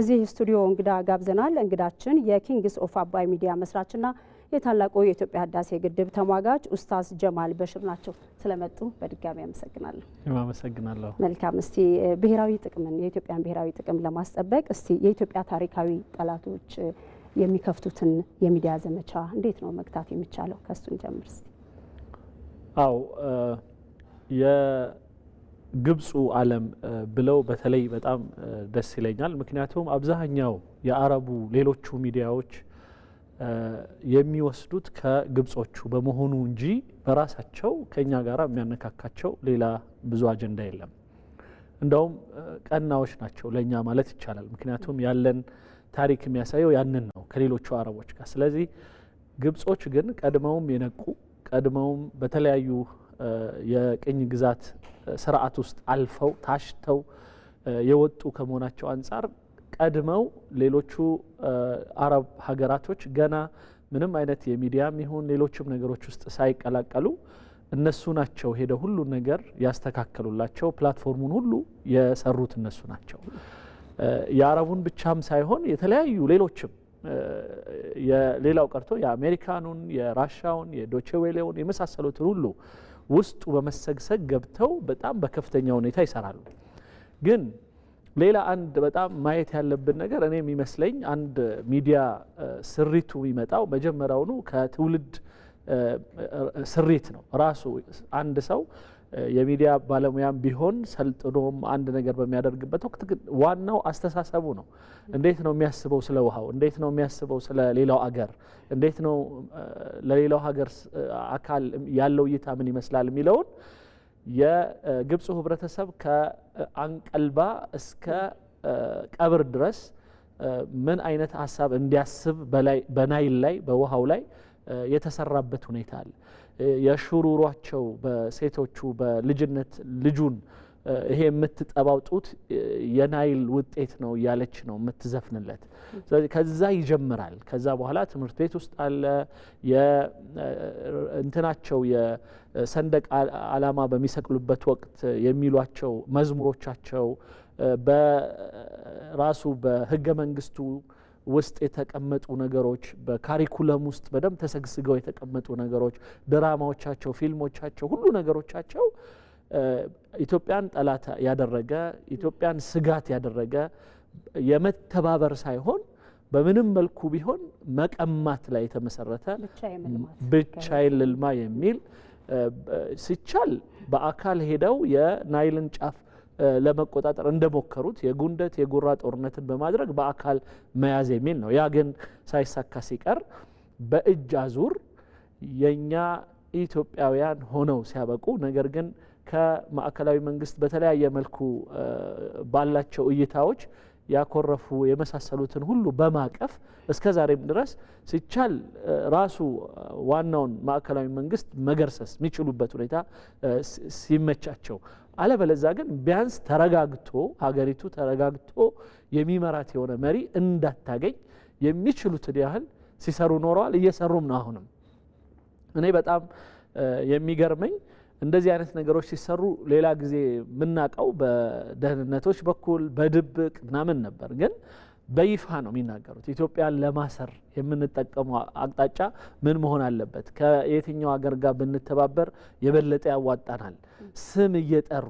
እዚህ ስቱዲዮ እንግዳ ጋብዘናል። እንግዳችን የኪንግስ ኦፍ አባይ ሚዲያ መስራችና የታላቁ የኢትዮጵያ ህዳሴ ግድብ ተሟጋች ኡስታዝ ጀማል በሽር ናቸው። ስለመጡ በድጋሚ አመሰግናለሁ። አመሰግናለሁ። መልካም። እስቲ ብሔራዊ ጥቅምን የኢትዮጵያን ብሔራዊ ጥቅም ለማስጠበቅ እስቲ የኢትዮጵያ ታሪካዊ ጠላቶች የሚከፍቱትን የሚዲያ ዘመቻ እንዴት ነው መግታት የሚቻለው? ከሱን ጀምር እስቲ። አው ግብፁ ዓለም ብለው በተለይ በጣም ደስ ይለኛል። ምክንያቱም አብዛኛው የአረቡ ሌሎቹ ሚዲያዎች የሚወስዱት ከግብጾቹ በመሆኑ እንጂ በራሳቸው ከኛ ጋር የሚያነካካቸው ሌላ ብዙ አጀንዳ የለም። እንደውም ቀናዎች ናቸው ለእኛ ማለት ይቻላል። ምክንያቱም ያለን ታሪክ የሚያሳየው ያንን ነው ከሌሎቹ አረቦች ጋር። ስለዚህ ግብጾች ግን ቀድመውም የነቁ ቀድመውም በተለያዩ የቅኝ ግዛት ስርዓት ውስጥ አልፈው ታሽተው የወጡ ከመሆናቸው አንጻር ቀድመው ሌሎቹ አረብ ሀገራቶች ገና ምንም አይነት የሚዲያም ይሁን ሌሎችም ነገሮች ውስጥ ሳይቀላቀሉ እነሱ ናቸው ሄደው ሁሉን ነገር ያስተካከሉላቸው። ፕላትፎርሙን ሁሉ የሰሩት እነሱ ናቸው። የአረቡን ብቻም ሳይሆን የተለያዩ ሌሎችም ሌላው ቀርቶ የአሜሪካኑን፣ የራሻውን፣ የዶቼ የመሳሰሉትን ሁሉ ውስጡ በመሰግሰግ ገብተው በጣም በከፍተኛ ሁኔታ ይሰራሉ። ግን ሌላ አንድ በጣም ማየት ያለብን ነገር እኔ የሚመስለኝ አንድ ሚዲያ ስሪቱ የሚመጣው መጀመሪያውኑ ከትውልድ ስሪት ነው። ራሱ አንድ ሰው የሚዲያ ባለሙያም ቢሆን ሰልጥኖም አንድ ነገር በሚያደርግበት ወቅት ግን ዋናው አስተሳሰቡ ነው። እንዴት ነው የሚያስበው ስለ ውሃው? እንዴት ነው የሚያስበው ስለ ሌላው አገር? እንዴት ነው ለሌላው ሀገር አካል ያለው እይታ ምን ይመስላል የሚለውን የግብፁ ህብረተሰብ ከአንቀልባ እስከ ቀብር ድረስ ምን አይነት ሀሳብ እንዲያስብ በናይል ላይ በውሃው ላይ የተሰራበት ሁኔታ አለ። የሽሩሯቸው በሴቶቹ በልጅነት ልጁን ይሄ የምትጠባው ጡት የናይል ውጤት ነው እያለች ነው የምትዘፍንለት። ስለዚህ ከዛ ይጀምራል። ከዛ በኋላ ትምህርት ቤት ውስጥ አለ የእንትናቸው የሰንደቅ ዓላማ በሚሰቅሉበት ወቅት የሚሏቸው መዝሙሮቻቸው በራሱ በህገ መንግስቱ ውስጥ የተቀመጡ ነገሮች በካሪኩለም ውስጥ በደንብ ተሰግስገው የተቀመጡ ነገሮች፣ ድራማዎቻቸው፣ ፊልሞቻቸው፣ ሁሉ ነገሮቻቸው ኢትዮጵያን ጠላት ያደረገ ኢትዮጵያን ስጋት ያደረገ የመተባበር ሳይሆን በምንም መልኩ ቢሆን መቀማት ላይ የተመሰረተ ብቻዬን ልልማ የሚል ሲቻል በአካል ሄደው የናይልን ጫፍ ለመቆጣጠር እንደሞከሩት የጉንደት የጉራ ጦርነትን በማድረግ በአካል መያዝ የሚል ነው። ያ ግን ሳይሳካ ሲቀር በእጅ አዙር የእኛ ኢትዮጵያውያን ሆነው ሲያበቁ ነገር ግን ከማዕከላዊ መንግስት በተለያየ መልኩ ባላቸው እይታዎች ያኮረፉ የመሳሰሉትን ሁሉ በማቀፍ እስከ ዛሬም ድረስ ሲቻል ራሱ ዋናውን ማዕከላዊ መንግስት መገርሰስ የሚችሉበት ሁኔታ ሲመቻቸው፣ አለበለዛ ግን ቢያንስ ተረጋግቶ ሀገሪቱ ተረጋግቶ የሚመራት የሆነ መሪ እንዳታገኝ የሚችሉትን ያህል ሲሰሩ ኖረዋል። እየሰሩም ነው። አሁንም እኔ በጣም የሚገርመኝ እንደዚህ አይነት ነገሮች ሲሰሩ ሌላ ጊዜ የምናውቀው በደህንነቶች በኩል በድብቅ ምናምን ነበር፣ ግን በይፋ ነው የሚናገሩት። ኢትዮጵያን ለማሰር የምንጠቀመው አቅጣጫ ምን መሆን አለበት፣ ከየትኛው ሀገር ጋር ብንተባበር የበለጠ ያዋጣናል፣ ስም እየጠሩ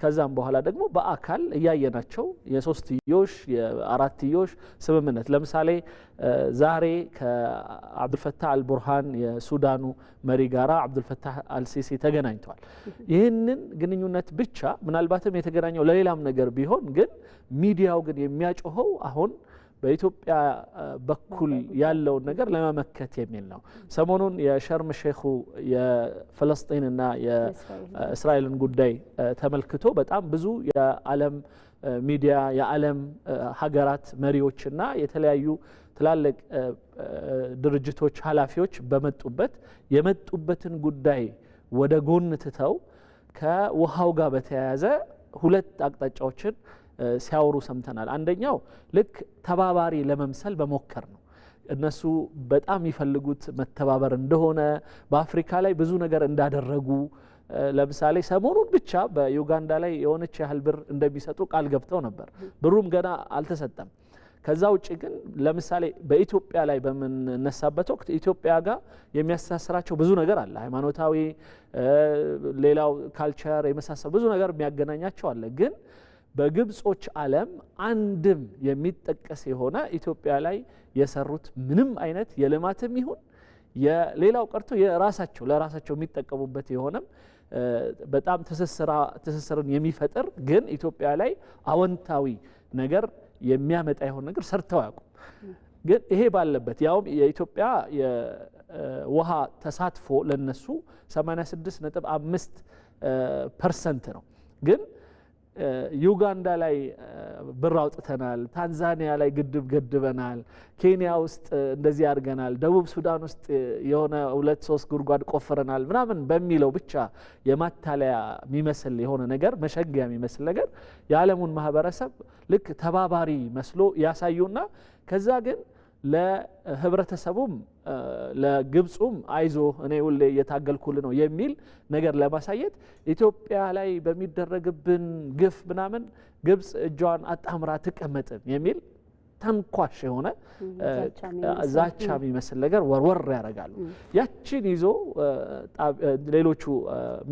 ከዛም በኋላ ደግሞ በአካል እያየናቸው የሶስትዮሽ የአራትዮሽ ስምምነት ለምሳሌ ዛሬ ከአብዱልፈታህ አልቡርሃን የሱዳኑ መሪ ጋራ አብዱልፈታህ አልሲሲ ተገናኝተዋል። ይህንን ግንኙነት ብቻ ምናልባትም የተገናኘው ለሌላም ነገር ቢሆን ግን ሚዲያው ግን የሚያጮኸው አሁን በኢትዮጵያ በኩል ያለውን ነገር ለመመከት የሚል ነው። ሰሞኑን የሸርም ሼኹ የፈለስጢንና የእስራኤልን ጉዳይ ተመልክቶ በጣም ብዙ የዓለም ሚዲያ የዓለም ሀገራት መሪዎችና የተለያዩ ትላልቅ ድርጅቶች ኃላፊዎች በመጡበት የመጡበትን ጉዳይ ወደ ጎን ትተው ከውሃው ጋር በተያያዘ ሁለት አቅጣጫዎችን ሲያወሩ ሰምተናል። አንደኛው ልክ ተባባሪ ለመምሰል በሞከር ነው። እነሱ በጣም የሚፈልጉት መተባበር እንደሆነ በአፍሪካ ላይ ብዙ ነገር እንዳደረጉ ለምሳሌ ሰሞኑን ብቻ በዩጋንዳ ላይ የሆነች ያህል ብር እንደሚሰጡ ቃል ገብተው ነበር። ብሩም ገና አልተሰጠም። ከዛ ውጭ ግን ለምሳሌ በኢትዮጵያ ላይ በምንነሳበት ወቅት ኢትዮጵያ ጋር የሚያስተሳስራቸው ብዙ ነገር አለ። ሃይማኖታዊ፣ ሌላው ካልቸር የመሳሰሉ ብዙ ነገር የሚያገናኛቸው አለ ግን በግብጾች ዓለም አንድም የሚጠቀስ የሆነ ኢትዮጵያ ላይ የሰሩት ምንም አይነት የልማትም ይሁን የሌላው ቀርቶ የራሳቸው ለራሳቸው የሚጠቀሙበት የሆነም በጣም ትስስርን የሚፈጥር ግን ኢትዮጵያ ላይ አወንታዊ ነገር የሚያመጣ የሆነ ነገር ሰርተው አያውቁም። ግን ይሄ ባለበት ያውም የኢትዮጵያ የውሃ ተሳትፎ ለነሱ 86 ነጥብ አምስት ፐርሰንት ነው ግን ዩጋንዳ ላይ ብር አውጥተናል፣ ታንዛኒያ ላይ ግድብ ገድበናል፣ ኬንያ ውስጥ እንደዚህ አድርገናል፣ ደቡብ ሱዳን ውስጥ የሆነ ሁለት ሶስት ጉድጓድ ቆፍረናል ምናምን በሚለው ብቻ የማታለያ የሚመስል የሆነ ነገር መሸጊያ የሚመስል ነገር የዓለሙን ማህበረሰብ ልክ ተባባሪ መስሎ ያሳዩና ከዛ ግን ለህብረተሰቡም ለግብፁም አይዞ እኔ ሁሌ እየታገልኩል ነው የሚል ነገር ለማሳየት ኢትዮጵያ ላይ በሚደረግብን ግፍ ምናምን ግብፅ እጇን አጣምራ ትቀመጥም የሚል ተንኳሽ የሆነ ዛቻ የሚመስል ነገር ወርወር ያደርጋሉ። ያችን ይዞ ሌሎቹ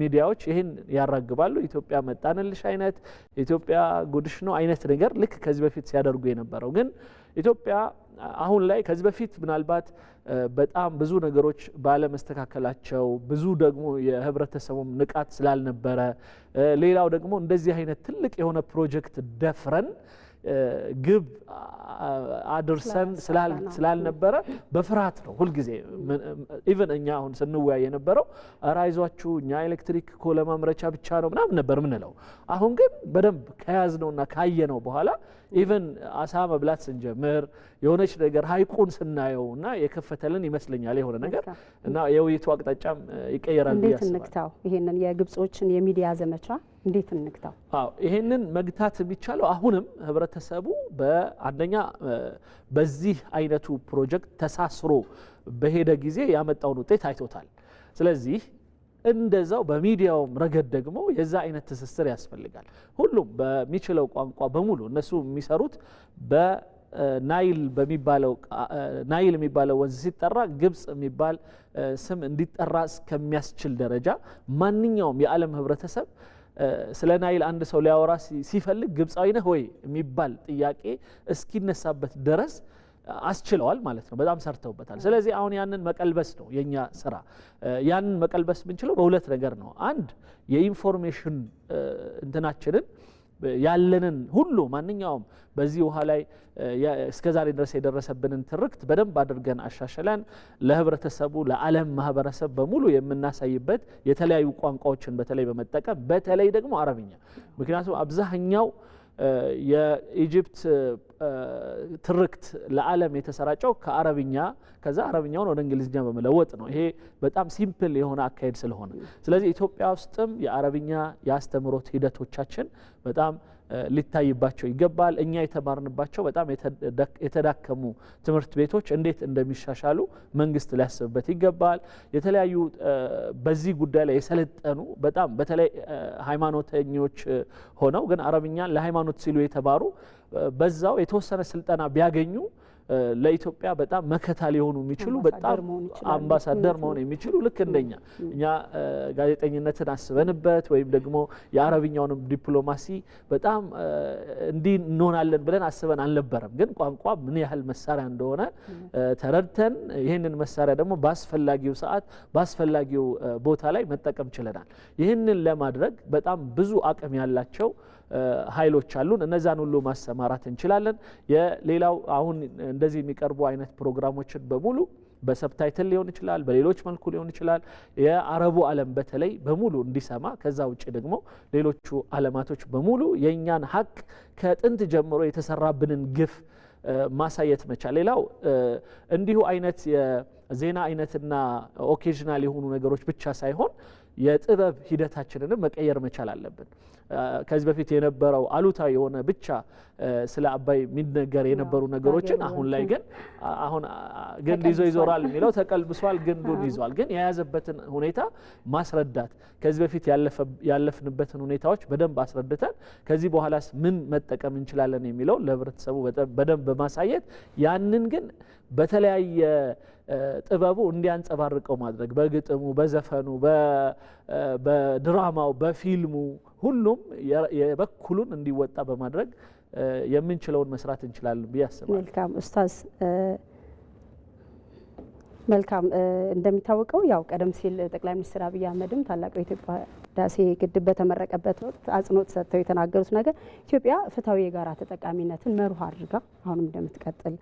ሚዲያዎች ይህን ያራግባሉ። ኢትዮጵያ መጣንልሽ አይነት ኢትዮጵያ ጉድሽ ነው አይነት ነገር ልክ ከዚህ በፊት ሲያደርጉ የነበረው ግን ኢትዮጵያ አሁን ላይ ከዚህ በፊት ምናልባት በጣም ብዙ ነገሮች ባለመስተካከላቸው ብዙ ደግሞ የህብረተሰቡም ንቃት ስላልነበረ ሌላው ደግሞ እንደዚህ አይነት ትልቅ የሆነ ፕሮጀክት ደፍረን ግብ አድርሰን ስላልነበረ በፍርሃት ነው ሁልጊዜ። ኢቨን እኛ አሁን ስንወያይ የነበረው ራይዟችሁ እኛ ኤሌክትሪክ እኮ ለማምረቻ ብቻ ነው ምናምን ነበር ምንለው። አሁን ግን በደንብ ከያዝነውና ካየነው በኋላ ኢቨን አሳ መብላት ስንጀምር የሆነች ነገር ሀይቁን ስናየው እና የከፈተልን ይመስለኛል የሆነ ነገር እና የውይይቱ አቅጣጫም ይቀየራል። እንዴት እንግታው ይሄንን የግብጾችን የሚዲያ ዘመቻ እንዴት እንግታው? አዎ ይሄንን መግታት የሚቻለው አሁንም ህብረተሰቡ በአንደኛ በዚህ አይነቱ ፕሮጀክት ተሳስሮ በሄደ ጊዜ ያመጣውን ውጤት አይቶታል። ስለዚህ እንደዛው በሚዲያውም ረገድ ደግሞ የዛ አይነት ትስስር ያስፈልጋል። ሁሉም በሚችለው ቋንቋ በሙሉ እነሱ የሚሰሩት በናይል በሚባለው ናይል የሚባለው ወንዝ ሲጠራ ግብጽ የሚባል ስም እንዲጠራ እስከሚያስችል ደረጃ ማንኛውም የዓለም ህብረተሰብ ስለ ናይል አንድ ሰው ሊያወራ ሲፈልግ ግብፃዊ ነህ ወይ የሚባል ጥያቄ እስኪነሳበት ድረስ አስችለዋል ማለት ነው። በጣም ሰርተውበታል። ስለዚህ አሁን ያንን መቀልበስ ነው የኛ ስራ። ያንን መቀልበስ የምንችለው በሁለት ነገር ነው። አንድ የኢንፎርሜሽን እንትናችንን ያለንን ሁሉ ማንኛውም በዚህ ውሃ ላይ እስከ ዛሬ ድረስ የደረሰብንን ትርክት በደንብ አድርገን አሻሽለን ለህብረተሰቡ ለዓለም ማህበረሰብ በሙሉ የምናሳይበት የተለያዩ ቋንቋዎችን በተለይ በመጠቀም በተለይ ደግሞ አረብኛ ምክንያቱም አብዛኛው የኢጅፕት ትርክት ለዓለም የተሰራጨው ከአረብኛ ከዛ አረብኛውን ወደ እንግሊዝኛ በመለወጥ ነው። ይሄ በጣም ሲምፕል የሆነ አካሄድ ስለሆነ ስለዚህ ኢትዮጵያ ውስጥም የአረብኛ የአስተምህሮት ሂደቶቻችን በጣም ሊታይባቸው ይገባል። እኛ የተማርንባቸው በጣም የተዳከሙ ትምህርት ቤቶች እንዴት እንደሚሻሻሉ መንግስት ሊያስብበት ይገባል። የተለያዩ በዚህ ጉዳይ ላይ የሰለጠኑ በጣም በተለይ ሃይማኖተኞች ሆነው ግን አረብኛን ለሃይማኖት ሲሉ የተማሩ በዛው የተወሰነ ስልጠና ቢያገኙ ለኢትዮጵያ በጣም መከታ ሊሆኑ የሚችሉ በጣም አምባሳደር መሆን የሚችሉ ልክ እንደኛ እኛ ጋዜጠኝነትን አስበንበት ወይም ደግሞ የአረብኛውንም ዲፕሎማሲ በጣም እንዲህ እንሆናለን ብለን አስበን አልነበረም። ግን ቋንቋ ምን ያህል መሳሪያ እንደሆነ ተረድተን ይህንን መሳሪያ ደግሞ በአስፈላጊው ሰዓት በአስፈላጊው ቦታ ላይ መጠቀም ችለናል። ይህንን ለማድረግ በጣም ብዙ አቅም ያላቸው ኃይሎች አሉን። እነዛን ሁሉ ማሰማራት እንችላለን። የሌላው አሁን እንደዚህ የሚቀርቡ አይነት ፕሮግራሞችን በሙሉ በሰብታይትል ሊሆን ይችላል፣ በሌሎች መልኩ ሊሆን ይችላል። የአረቡ ዓለም በተለይ በሙሉ እንዲሰማ፣ ከዛ ውጭ ደግሞ ሌሎቹ ዓለማቶች በሙሉ የእኛን ሀቅ ከጥንት ጀምሮ የተሰራብንን ግፍ ማሳየት መቻል። ሌላው እንዲሁ አይነት የዜና አይነትና ኦኬዥናል የሆኑ ነገሮች ብቻ ሳይሆን የጥበብ ሂደታችንንም መቀየር መቻል አለብን። ከዚህ በፊት የነበረው አሉታ የሆነ ብቻ ስለ አባይ የሚነገር የነበሩ ነገሮችን አሁን ላይ ግን አሁን ግንድ ይዞ ይዞራል የሚለው ተቀልብሷል፣ ግንዱን ይዟል። ግን የያዘበትን ሁኔታ ማስረዳት ከዚህ በፊት ያለፍንበትን ሁኔታዎች በደንብ አስረድተን ከዚህ በኋላስ ምን መጠቀም እንችላለን የሚለው ለህብረተሰቡ በደንብ በማሳየት ያንን ግን በተለያየ ጥበቡ እንዲያንጸባርቀው ማድረግ በግጥሙ፣ በዘፈኑ፣ በድራማው በፊልሙ ሁሉም የበኩሉን እንዲወጣ በማድረግ የምንችለውን መስራት እንችላለን ብዬ አስባለሁ። መልካም ኡስታዝ። መልካም እንደሚታወቀው ያው ቀደም ሲል ጠቅላይ ሚኒስትር አብይ አህመድም ታላቁ የኢትዮጵያ ህዳሴ ግድብ በተመረቀበት ወቅት አጽንኦት ሰጥተው የተናገሩት ነገር ኢትዮጵያ ፍትሐዊ የጋራ ተጠቃሚነትን መርህ አድርጋ አሁንም እንደምትቀጥል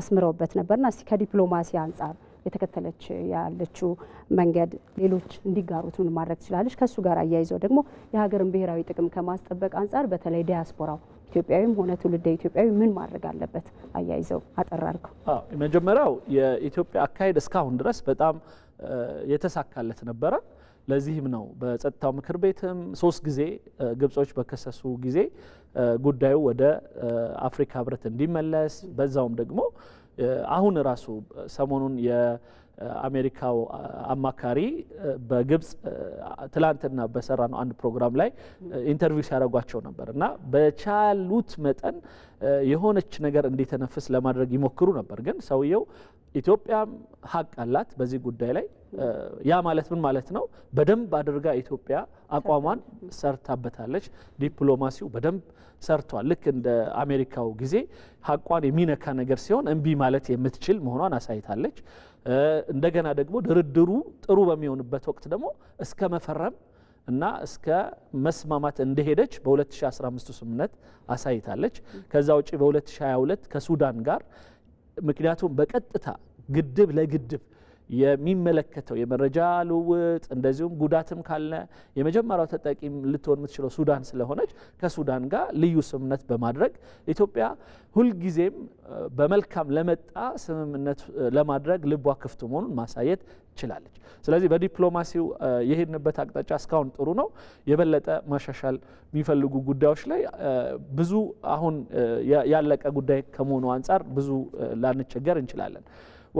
አስምረውበት ነበርና እስቲ ከዲፕሎማሲ አንጻር የተከተለች ያለችው መንገድ ሌሎች እንዲጋሩት ምን ማድረግ ትችላለች? ከእሱ ጋር አያይዘው ደግሞ የሀገርን ብሔራዊ ጥቅም ከማስጠበቅ አንጻር በተለይ ዲያስፖራው ኢትዮጵያዊም ሆነ ትውልደ ኢትዮጵያዊ ምን ማድረግ አለበት? አያይዘው አጠራርከው። መጀመሪያው የኢትዮጵያ አካሄድ እስካሁን ድረስ በጣም የተሳካለት ነበረ። ለዚህም ነው በጸጥታው ምክር ቤትም ሶስት ጊዜ ግብጾች በከሰሱ ጊዜ ጉዳዩ ወደ አፍሪካ ህብረት እንዲመለስ በዛውም ደግሞ አሁን ራሱ ሰሞኑን የአሜሪካው አማካሪ በግብፅ ትላንትና በሰራ ነው አንድ ፕሮግራም ላይ ኢንተርቪው ሲያደርጓቸው ነበር እና በቻሉት መጠን የሆነች ነገር እንዲተነፍስ ለማድረግ ይሞክሩ ነበር። ግን ሰውየው ኢትዮጵያም ሀቅ አላት በዚህ ጉዳይ ላይ ያ ማለት ምን ማለት ነው? በደንብ አድርጋ ኢትዮጵያ አቋሟን ሰርታበታለች። ዲፕሎማሲው በደንብ ሰርቷል። ልክ እንደ አሜሪካው ጊዜ ሀቋን የሚነካ ነገር ሲሆን እምቢ ማለት የምትችል መሆኗን አሳይታለች። እንደገና ደግሞ ድርድሩ ጥሩ በሚሆንበት ወቅት ደግሞ እስከ መፈረም እና እስከ መስማማት እንደሄደች በ2015 ስምምነት አሳይታለች። ከዛ ውጭ በ2022 ከሱዳን ጋር ምክንያቱም በቀጥታ ግድብ ለግድብ የሚመለከተው የመረጃ ልውውጥ እንደዚሁም ጉዳትም ካለ የመጀመሪያው ተጠቂ ልትሆን የምትችለው ሱዳን ስለሆነች ከሱዳን ጋር ልዩ ስምምነት በማድረግ ኢትዮጵያ ሁልጊዜም በመልካም ለመጣ ስምምነት ለማድረግ ልቧ ክፍት መሆኑን ማሳየት ችላለች። ስለዚህ በዲፕሎማሲው የሄድንበት አቅጣጫ እስካሁን ጥሩ ነው። የበለጠ ማሻሻል የሚፈልጉ ጉዳዮች ላይ ብዙ አሁን ያለቀ ጉዳይ ከመሆኑ አንጻር ብዙ ላንቸገር እንችላለን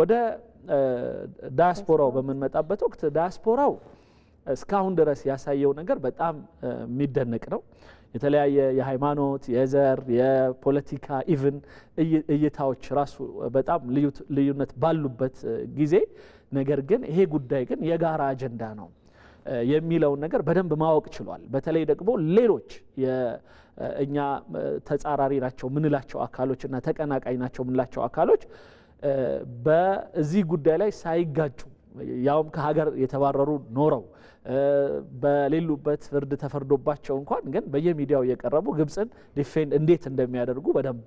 ወደ ዳያስፖራው በምንመጣበት ወቅት ዳያስፖራው እስካሁን ድረስ ያሳየው ነገር በጣም የሚደነቅ ነው። የተለያየ የሃይማኖት፣ የዘር፣ የፖለቲካ ኢቭን እይታዎች ራሱ በጣም ልዩነት ባሉበት ጊዜ ነገር ግን ይሄ ጉዳይ ግን የጋራ አጀንዳ ነው የሚለውን ነገር በደንብ ማወቅ ችሏል። በተለይ ደግሞ ሌሎች እኛ ተጻራሪ ናቸው ምንላቸው አካሎች እና ተቀናቃኝ ናቸው ምንላቸው አካሎች በዚህ ጉዳይ ላይ ሳይጋጩ ያውም ከሀገር የተባረሩ ኖረው በሌሉበት ፍርድ ተፈርዶባቸው እንኳን ግን በየሚዲያው የቀረቡ ግብፅን ዲፌንድ እንዴት እንደሚያደርጉ በደንብ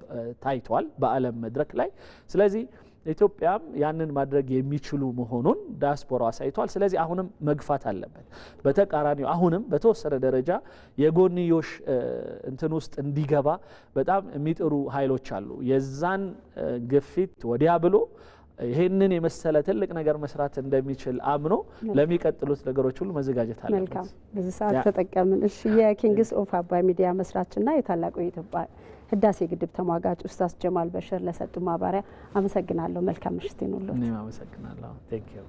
ታይቷል በዓለም መድረክ ላይ ስለዚህ ኢትዮጵያም ያንን ማድረግ የሚችሉ መሆኑን ዳያስፖራ አሳይቷል። ስለዚህ አሁንም መግፋት አለበት። በተቃራኒው አሁንም በተወሰነ ደረጃ የጎንዮሽ እንትን ውስጥ እንዲገባ በጣም የሚጥሩ ኃይሎች አሉ። የዛን ግፊት ወዲያ ብሎ ይህንን የመሰለ ትልቅ ነገር መስራት እንደሚችል አምኖ ለሚቀጥሉት ነገሮች ሁሉ መዘጋጀት አለበት። መልካም ብዙ ሰዓት ተጠቀምን። እሺ የኪንግስ ኦፍ አባ ሚዲያ መስራችና የታላቁ የኢትዮጵያ ህዳሴ ግድብ ተሟጋች ኡስታዝ ጀማል በሽር ለሰጡ ማባሪያ አመሰግናለሁ። መልካም ምሽት ይኑሎት። እኔም አመሰግናለሁ። ቴንክ ዩ